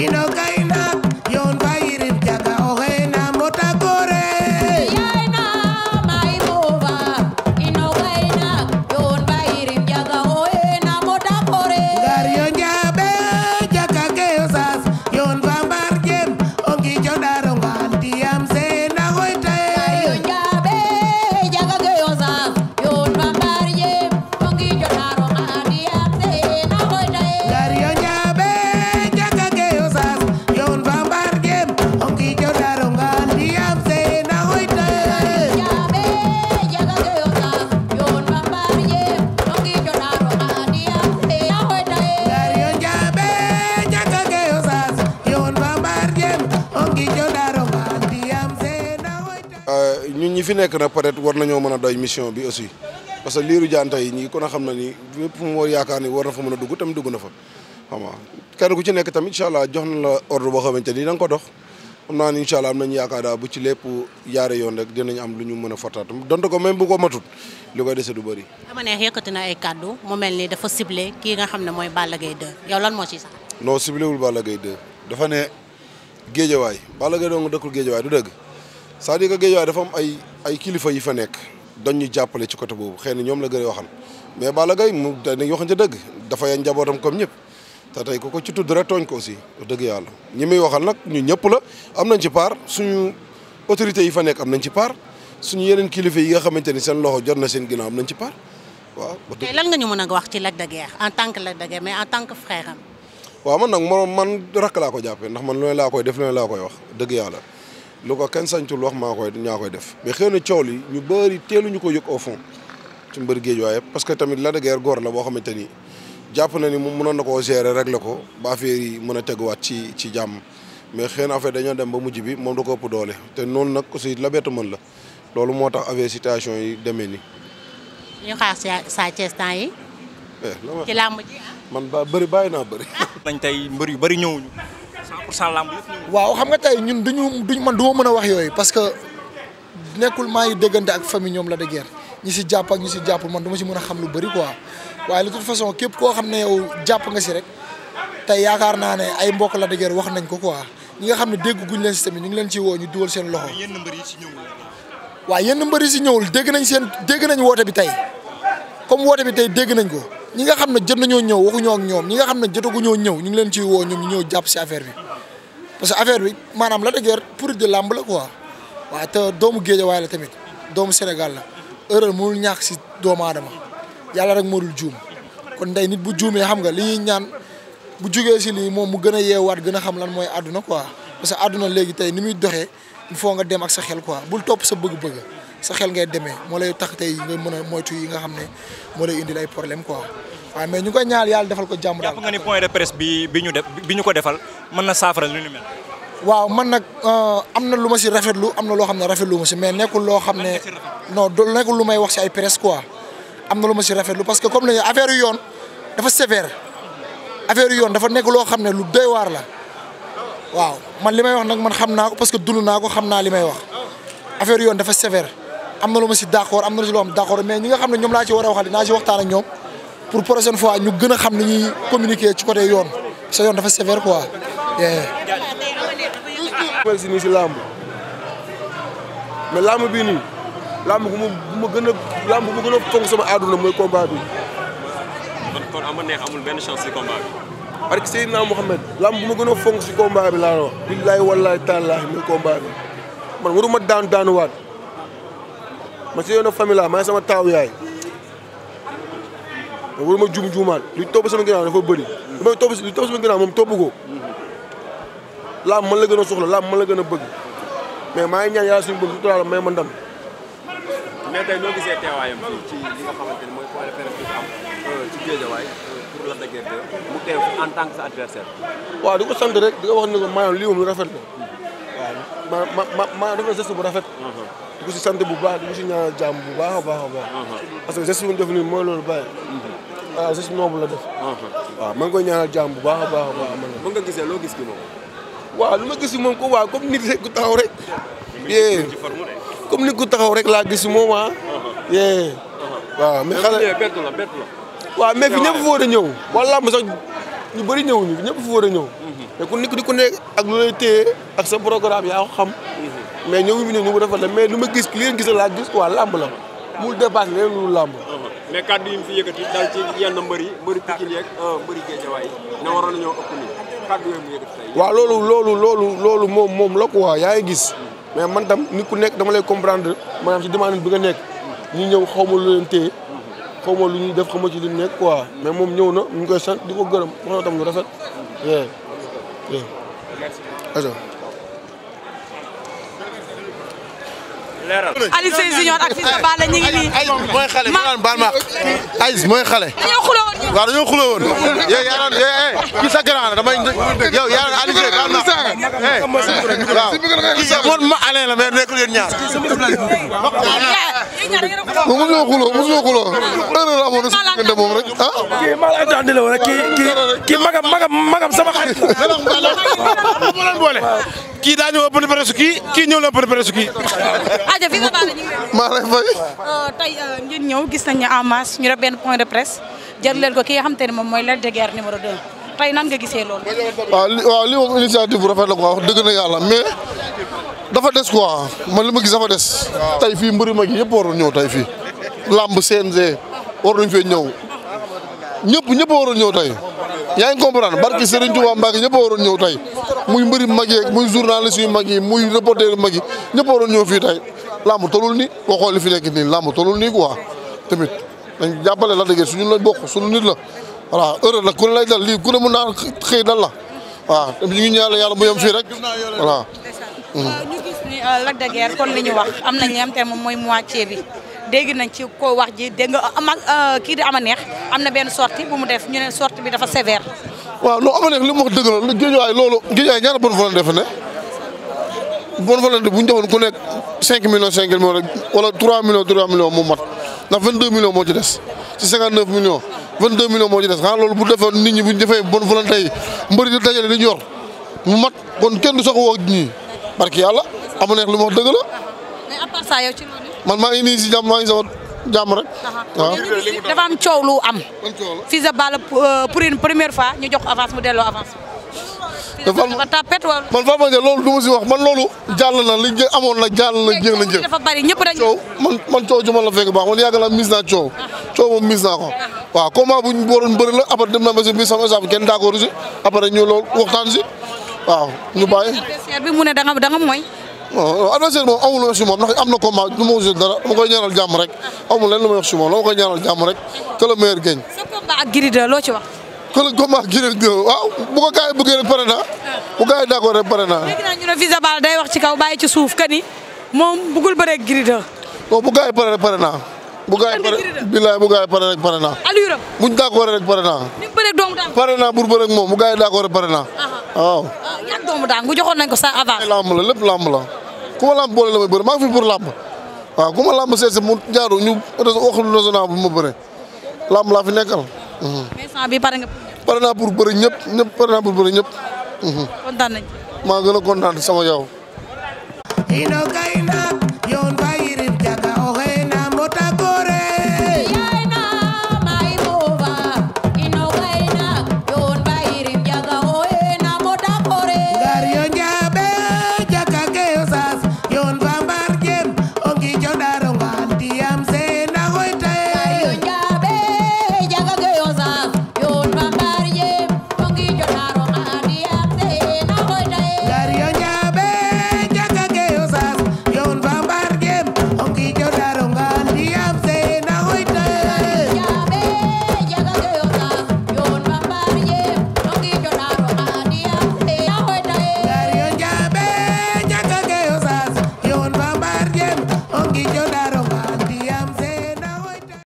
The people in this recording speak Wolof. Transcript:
y no caí fi nekk nag peut être war nañoo mën a doy mission bi aussi parce que liiru jaan tey ñi kon a xam na ni lépp moo yaakaar ni war na fa mën a dugg tamit dugg na fa xam nga kenn ku ci nekk tamit incha allah jox na la ordre boo da nga ko dox xam naa ni incha allah am a dafa ciblé kii nga xam ne mooy Balla Gaye 2 yow moo ciy sax. non ciblé wul Balla Gaye 2 ne géejawaay Balla Gaye doo nga dëkkul géejawaay du dëgg c'est-à-dire géejawaay dafa am ay ay kilifa yi fa nekk dañ ñu jàppale ci côté boobu xëy na ñoom la gën a waxal mais Balla Gaye mu dañuy waxante dëgg dafa yañ njabootam comme ñëpp te tey ko ko ci tudd rek ko aussi dëgg yàlla ñi muy waxal nag ñu ñëpp la am nañ ci part suñu autorités yi fa nekk am nañ ci su ñu yeneen kilifa yi nga xamante ni seen loxo jot na seen ginnaaw am nañ ci part waaw. tey lan nga ñu mën a ci Lac tant que Lac de Guiers mais en tant que frère am. waaw man nag man man rakk laa ko jàppee ndax man lu laa koy def lu laa koy wax dëgg yàlla lu ko kenn sañtul wax maa koy ñaa koy def mais xëy na coow li ñu bëri teeluñu ko yëg au fond ci mbër géej waaye parce que tamit la de guerre góor la boo xamante ni jàpp na ni moom mënoon na koo gérer rek la ko ba affaire mën a teguwaat ci ci jàmm mais xëy na affaire dañoo dem ba mujj bi moom da ko ëpp doole te noonu nag aussi la bett man la loolu moo tax affaire situation yi demee nii. ñu xaar Sa Thiès yi. Eh, ci làmb ah. man ba bëri bàyyi naa bëri. nañ tey mbër yu bëri ñëwuñu. waaw xam nga tey ñun duñu duñ man du ma mën a wax yooyu parce que nekkul maa ngi déggante ak famille ñoom la de ñi si jàpp ak ñi si jàppul man du ma si mën a xam lu bëri quoi waaye de toute façon képp koo xam ne yow jàpp nga si rek tey yaakaar naa ne ay mbokk la de wax nañ ko quoi ñi nga xam ne dégg guñ leen si tamit ñu ngi leen ci woo ñu duwal seen loxo. waaw yenn mbër yi si ñëwul dégg nañ seen dégg nañ woote bi tey comme woote bi tey dégg nañ ko ñi nga xam ne jot nañoo ñëw waxuñoo ak ñoom ñi nga xam ne jotaguñoo ñëw ñu ngi leen ciy woo ñoom ñu ñëw jàpp si affaire bi parce que affaire bi maanaam la dëgër pour de làmb la quoi te doomu géejawaay la tamit doomu Sénégal la erreur mënul ñàkk si doomu aadama yàlla rek moo dul juum kon ndey nit bu juumee xam nga li ñuy ñaan bu jugee si lii moom mu gën a yeewaat gën a xam lan mooy àdduna quoi parce que àdduna léegi tey ni muy doxee il faut nga dem ak sa xel quoi bul topp sa bëgg-bëgg. sa xel ngay demee moo lay tax tey nga mën yi nga xam ne moo lay indil ay problème quoi waaw mais ñu koy ñaal yàlla defal ko jàmm daal jàpp nga bi ñu def bi ñu ko defal mën na saafara lu waaw man nag euh, am na lu ma si rafetlu am na loo xam ne rafetlu ma si mais nekkul loo xam ne non nekkul lu may wax si ay presse am na lu ma si rafetlu parce que comme la affaire yoon dafa sévère affaire yoon dafa nekk loo xam ne lu doy waar la waaw man li may wax nag man xam naa ko parce que dund naa ko xam naa li may wax affaire yoon dafa sévère am na lu ma si d'accord am na si loo am d'accord mais ñi nga xam ne ñoom laa ci war a waxal dinaa si waxtaan ak ñoom pour prochaine fois ñu gën a xam ni ñuy communiquer ci côté yoon sa yoon dafa sévère quoi. mel nii si làmb mais làmb bii nii làmb bu ma gën a làmb bu a fonk sama àdduna mooy combat bi. kon kon am neex amul benn chance si combat bi. parce que Seydina bu ma gën a fonk si combat bi laa la wax. billaay wallaay taalaahi mooy combat bi man waruma daan daanuwaat. man si yoonu famille laa sama taaw yaay waru ma juum juumaan lu topp sama ginnaaw dafa bëri lu topp lu topp sama ginnaaw moom topp ko laam man la gën a soxla laam man la gën a bëgg mais maa ngi ñaan yàlla ma ndam mais tey noo gisee teewaayam euh, euh, mu teew en tant que sa adversaire. waaw di sant rek di ko wax ne ko maanaam moom lu rafet la mm-hmm. ma ma ma ma def bu rafet. Mm-hmm. di ko si sant bu baax di ko si ñaanal jàmm bu baax a baax a baax. Uh-huh. parce que geste bu ñu def nii mooy loolu bàyyi. waaw uh-huh. ah, geste noobu la def. Uh-huh. waaw maa ngi koy ñaanal jàmm bu baax a baax a baax. mën nga gisee loo gis ki moom. waaw lu ma gis moom ko waaw comme nit rek ku taxaw rek. yee comme nit ku taxaw rek laa gis moom ah. yee waaw mais xale mais bett la bett la. waaw mais fi ñëpp fa war a ñëw. wala lamb sax ñu bëri ñëw ñu ñëpp fa war a ñëw. mais ku nit ku nekk ak lu lay téye ak sa programme yaa ko xam. mais ñoo ngi ñu ñu ko defal la mais nu ma gis li leen gisal laa gis quoi làmb la mu dépassé leen lu làmb mais kàddu yi yenn mbëri mbëri Pikine yeeg euh, mbëri Géejawaay waaw loolu loolu loolu loolu moom moom la quoi yaa ngi gis mais man tam nit ku nekk dama lay comprendre maanaam ci demande bi nga nekk ñu ñëw xaw ma lu leen téye xaw ma lu ñuy def xaw ma ci lu nekk quoi mais moom ñëw na ñu ngi koy sant di ko gërëm wax na tam lu rafet leeral Aziz Sy Junior ak Fils de Balla ñu ngi nii. mooy xale mu naan baal ma mooy xale. dañoo xuloo woon ñoom waaw dañoo xuloo woon. yow yaa doon eh kii sa grand damay yow yaa doon Aziz Sy baal mosuñoo xuloo mosuñoo xuloo erreur amoon na si diggante moom rek ah. kii maa la daan di la rek kii kii kii magam magam magam sama xarit boole ah? kii daa ñëw open press kii kii ñëw na press kii. aja ah, fi nga baale ñu maa lay fay. Euh, tey euh, ngeen ñëw gis nañ ne en masse ñu def benn point de presse jël leen ko ki nga xam te ne moom mooy Lac de Guiers numéro 2 tey nga gisee loolu. waaw li waaw moom initiative bu la quoi dëgg na yàlla mais. dafa des quoi man li ma gis dafa des. tey fii mbëri mag yi yëpp waroon ñëw tay fii. làmb CNG war nañ fee ñëw ñëpp ñëpp waroon ñëw tey yaa ngi comprendre barki Serigne Touba Mbacke ñëpp waroon ñëw tey muy mbëri mag yeeg muy journaliste yu mag yi muy reporter yu mag yi ñëpp waroon ñëw fii tey làmb tolul ni boo xoolee li fi nekk nii làmb tolul nii quoi tamit dañ jàppale la dëgg suñu la bokk suñu la voilà heure nag ku ne lay dal lii ku ne mën naa xëy dal la ñu ngi ñaan yàlla mu fii rek voilà. Euh, ñu gis ni euh, Lac de Guiers kon li ñu wax am na li moom mooy moitié bi dégg nañ ci ko wax ji dégg nga euh, kii di ama neex am na benn sortie bu mu def ñu ne sortie bi dafa sévère. waaw non ama neex li mu wax dëgg la géejawaay loolu géejawaay ñaar bonne volonté defe ne bonne volonté bu ñu defoon ku nekk 5 millions 5 millions rek wala 3 millions 3 millions mu mat ndax 22 millions moo ci des ci 59 millions 22 millions moo ci des xanaa loolu bu defoon nit ñi bu ñu defee bonne yi mbëri dajale di ñor mu mat kon kenn du soog a woo barki yàlla amu neex lu ma wax dëgg la. mais à part ça yow ci loolu. man maa ngi nii si jàmm maa ngi sama jàmm rek. waaw dafa am coow lu am. ban coow la Fils de Balla euh, pour une première fois ñu jox avance mu delloo avance. dafa man Fapal ma loolu du ma si wax man loolu. jàll na li amoon na jàll na jéem na jéem. dafa bari ñëpp coow man coow ju la fekk baax man yàgg naa mis naa coow. coow moom mis naa ko. waaw comment bu ñu la après dem na si biir sama saaf kenn daa ko rusi ñu loolu waxtaan si. waaw ñu bàyyi. bi mu ne da nga da nga mooy. non adversaire moom amul wax si moom ndax am na combat du ma wusu dara ma koy ñaanal jàmm rek amul lenn lu may wax si moom la ma koy ñaanal jàmm rek que le meilleur gagne. sa ak Gris 2 loo ci wax. que le combat ak Gris waaw bu ko gars rek pare naa bu gars yi d'accord rek pare naa. day wax ci kaw bàyyi ci suuf que ni moom bëggul bëree ak Gris 2. non bu gars yi rek pare naa. bu gaa yi pare bilaay bu rek pare naa. allure am buñ d'accord rek pare naa. ni mu bëreeg doomu daal pare moom bu gaa rek pare naa. waaw. Ah, yan doomu daan bu joxoon nañ ko sa avance. lamb la lépp lamb la ku ma lamb boole la may bëri maa ngi fi pour lamb waaw ku lamb seet mu jaaru ñu wax lu raisonnable bu ma bëre lamb laa fi nekkal. Mhm. mais sant bi pare nga. pare naa pour bëri ñëpp ñëpp pare naa pour mhm. maa gën a kontaan sama yow.